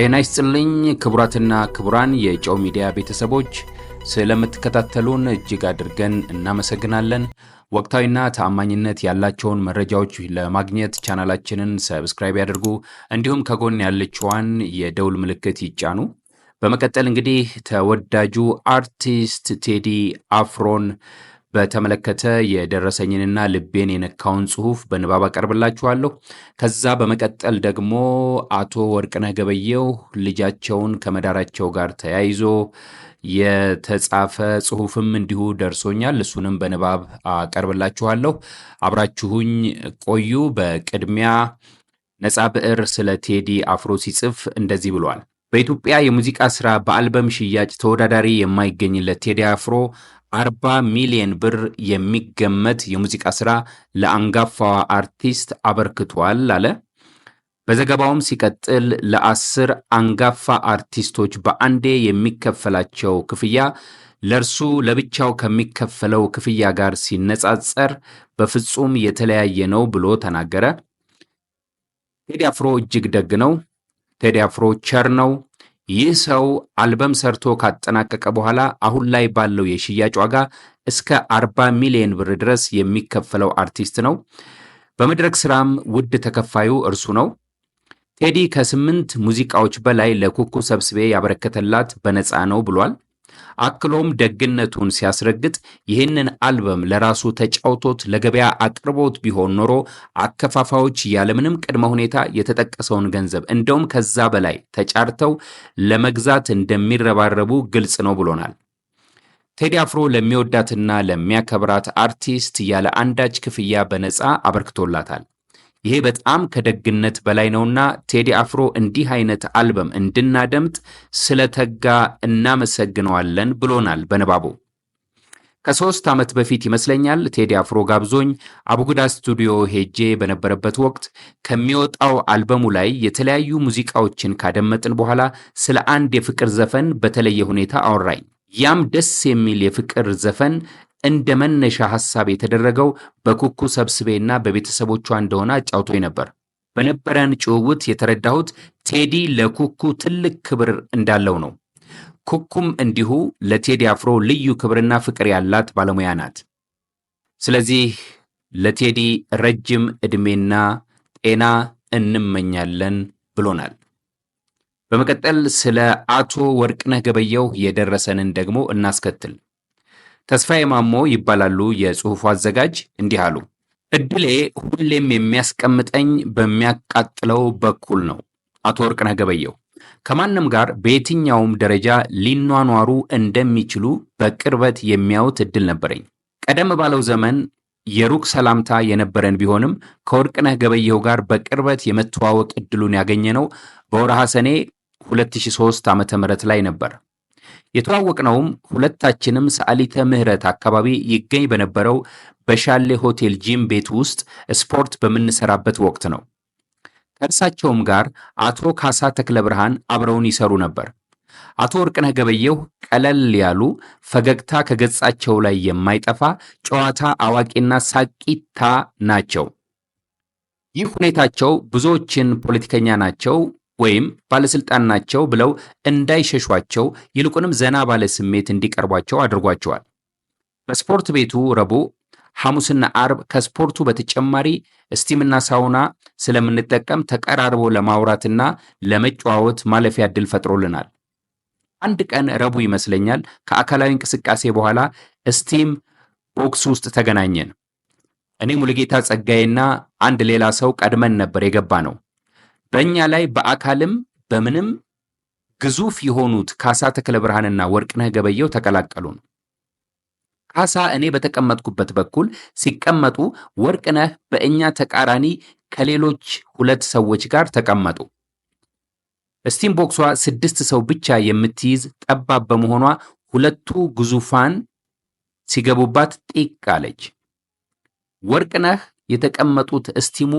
ጤና ይስጥልኝ ክቡራትና ክቡራን የጨው ሚዲያ ቤተሰቦች ስለምትከታተሉን እጅግ አድርገን እናመሰግናለን። ወቅታዊና ተአማኝነት ያላቸውን መረጃዎች ለማግኘት ቻናላችንን ሰብስክራይብ ያድርጉ፣ እንዲሁም ከጎን ያለችዋን የደውል ምልክት ይጫኑ። በመቀጠል እንግዲህ ተወዳጁ አርቲስት ቴዲ አፍሮን በተመለከተ የደረሰኝንና ልቤን የነካውን ጽሁፍ በንባብ አቀርብላችኋለሁ። ከዛ በመቀጠል ደግሞ አቶ ወርቅነህ ገበየው ልጃቸውን ከመዳራቸው ጋር ተያይዞ የተጻፈ ጽሁፍም እንዲሁ ደርሶኛል። እሱንም በንባብ አቀርብላችኋለሁ። አብራችሁኝ ቆዩ። በቅድሚያ ነጻ ብዕር ስለ ቴዲ አፍሮ ሲጽፍ እንደዚህ ብሏል። በኢትዮጵያ የሙዚቃ ስራ በአልበም ሽያጭ ተወዳዳሪ የማይገኝለት ቴዲ አፍሮ 40 ሚሊዮን ብር የሚገመት የሙዚቃ ሥራ ለአንጋፋዋ አርቲስት አበርክቷል አለ። በዘገባውም ሲቀጥል ለአስር አንጋፋ አርቲስቶች በአንዴ የሚከፈላቸው ክፍያ ለእርሱ ለብቻው ከሚከፈለው ክፍያ ጋር ሲነጻጸር በፍጹም የተለያየ ነው ብሎ ተናገረ። ቴዲ አፍሮ እጅግ ደግ ነው። ቴዲ አፍሮ ቸር ነው። ይህ ሰው አልበም ሰርቶ ካጠናቀቀ በኋላ አሁን ላይ ባለው የሽያጭ ዋጋ እስከ 40 ሚሊዮን ብር ድረስ የሚከፈለው አርቲስት ነው። በመድረክ ስራም ውድ ተከፋዩ እርሱ ነው። ቴዲ ከስምንት ሙዚቃዎች በላይ ለኩኩ ሰብስቤ ያበረከተላት በነፃ ነው ብሏል። አክሎም ደግነቱን ሲያስረግጥ ይህንን አልበም ለራሱ ተጫውቶት ለገበያ አቅርቦት ቢሆን ኖሮ አከፋፋዮች ያለምንም ቅድመ ሁኔታ የተጠቀሰውን ገንዘብ እንደውም ከዛ በላይ ተጫርተው ለመግዛት እንደሚረባረቡ ግልጽ ነው ብሎናል። ቴዲ አፍሮ ለሚወዳትና ለሚያከብራት አርቲስት ያለ አንዳች ክፍያ በነፃ አበርክቶላታል። ይሄ በጣም ከደግነት በላይ ነውና ቴዲ አፍሮ እንዲህ አይነት አልበም እንድናደምጥ ስለተጋ እናመሰግነዋለን ብሎናል በንባቡ። ከሶስት ዓመት በፊት ይመስለኛል ቴዲ አፍሮ ጋብዞኝ አቡጉዳ ስቱዲዮ ሄጄ በነበረበት ወቅት ከሚወጣው አልበሙ ላይ የተለያዩ ሙዚቃዎችን ካደመጥን በኋላ ስለ አንድ የፍቅር ዘፈን በተለየ ሁኔታ አወራኝ። ያም ደስ የሚል የፍቅር ዘፈን እንደ መነሻ ሐሳብ የተደረገው በኩኩ ሰብስቤና በቤተሰቦቿ እንደሆነ አጫውቶኝ ነበር። በነበረን ጭውውት የተረዳሁት ቴዲ ለኩኩ ትልቅ ክብር እንዳለው ነው። ኩኩም እንዲሁ ለቴዲ አፍሮ ልዩ ክብርና ፍቅር ያላት ባለሙያ ናት። ስለዚህ ለቴዲ ረጅም ዕድሜና ጤና እንመኛለን ብሎናል። በመቀጠል ስለ አቶ ወርቅነህ ገበየው የደረሰንን ደግሞ እናስከትል። ተስፋዬ ማሞ ይባላሉ የጽሑፉ አዘጋጅ እንዲህ አሉ። እድሌ ሁሌም የሚያስቀምጠኝ በሚያቃጥለው በኩል ነው። አቶ ወርቅነህ ገበየሁ ከማንም ጋር በየትኛውም ደረጃ ሊኗኗሩ እንደሚችሉ በቅርበት የሚያዩት እድል ነበረኝ። ቀደም ባለው ዘመን የሩቅ ሰላምታ የነበረን ቢሆንም ከወርቅነህ ገበየሁ ጋር በቅርበት የመተዋወቅ እድሉን ያገኘ ነው በወርሃ ሰኔ 2003 ም ላይ ነበር። የተዋወቅነውም ሁለታችንም ሰዓሊተ ምህረት አካባቢ ይገኝ በነበረው በሻሌ ሆቴል ጂም ቤት ውስጥ ስፖርት በምንሰራበት ወቅት ነው። ከእርሳቸውም ጋር አቶ ካሳ ተክለ ብርሃን አብረውን ይሰሩ ነበር። አቶ ወርቅነህ ገበየሁ ቀለል ያሉ ፈገግታ ከገጻቸው ላይ የማይጠፋ ጨዋታ አዋቂና ሳቂታ ናቸው። ይህ ሁኔታቸው ብዙዎችን ፖለቲከኛ ናቸው ወይም ባለስልጣን ናቸው ብለው እንዳይሸሿቸው ይልቁንም ዘና ባለ ስሜት እንዲቀርቧቸው አድርጓቸዋል። በስፖርት ቤቱ ረቡዕ፣ ሐሙስና አርብ ከስፖርቱ በተጨማሪ ስቲምና ሳውና ስለምንጠቀም ተቀራርቦ ለማውራትና ለመጨዋወት ማለፊያ ዕድል ፈጥሮልናል። አንድ ቀን ረቡዕ ይመስለኛል ከአካላዊ እንቅስቃሴ በኋላ ስቲም ቦክስ ውስጥ ተገናኘን። እኔ ሙሉጌታ ጸጋዬና አንድ ሌላ ሰው ቀድመን ነበር የገባ ነው። በእኛ ላይ በአካልም በምንም ግዙፍ የሆኑት ካሳ ተክለ ብርሃንና ወርቅነህ ገበየው ተቀላቀሉ ነው። ካሳ እኔ በተቀመጥኩበት በኩል ሲቀመጡ፣ ወርቅነህ በእኛ ተቃራኒ ከሌሎች ሁለት ሰዎች ጋር ተቀመጡ። ስቲም ቦክሷ ስድስት ሰው ብቻ የምትይዝ ጠባብ በመሆኗ ሁለቱ ግዙፋን ሲገቡባት ጢቅ አለች። ወርቅነህ የተቀመጡት ስቲሙ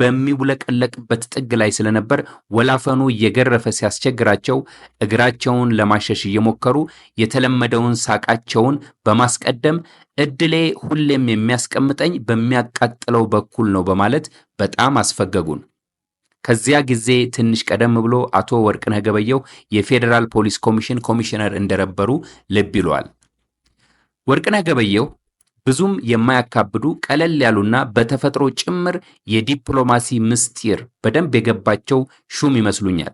በሚውለቀለቅበት ጥግ ላይ ስለነበር ወላፈኑ እየገረፈ ሲያስቸግራቸው እግራቸውን ለማሸሽ እየሞከሩ የተለመደውን ሳቃቸውን በማስቀደም እድሌ ሁሌም የሚያስቀምጠኝ በሚያቃጥለው በኩል ነው በማለት በጣም አስፈገጉን። ከዚያ ጊዜ ትንሽ ቀደም ብሎ አቶ ወርቅነህ ገበየሁ የፌዴራል ፖሊስ ኮሚሽን ኮሚሽነር እንደነበሩ ልብ ይሏል። ወርቅነህ ገበየሁ ብዙም የማያካብዱ ቀለል ያሉና በተፈጥሮ ጭምር የዲፕሎማሲ ምስጢር በደንብ የገባቸው ሹም ይመስሉኛል።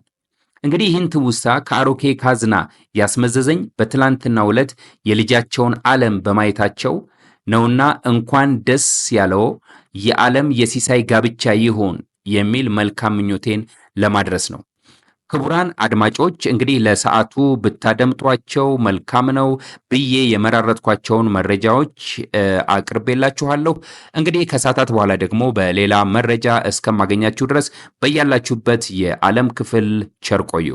እንግዲህ ይህን ትውሳ ከአሮኬ ካዝና ያስመዘዘኝ በትላንትናው ዕለት የልጃቸውን ዓለም በማየታቸው ነውና እንኳን ደስ ያለው የዓለም የሲሳይ ጋብቻ ይሁን የሚል መልካም ምኞቴን ለማድረስ ነው። ክቡራን አድማጮች እንግዲህ ለሰዓቱ ብታደምጧቸው መልካም ነው ብዬ የመራረጥኳቸውን መረጃዎች አቅርቤላችኋለሁ። እንግዲህ ከሰዓታት በኋላ ደግሞ በሌላ መረጃ እስከማገኛችሁ ድረስ በያላችሁበት የዓለም ክፍል ቸር ቆዩ።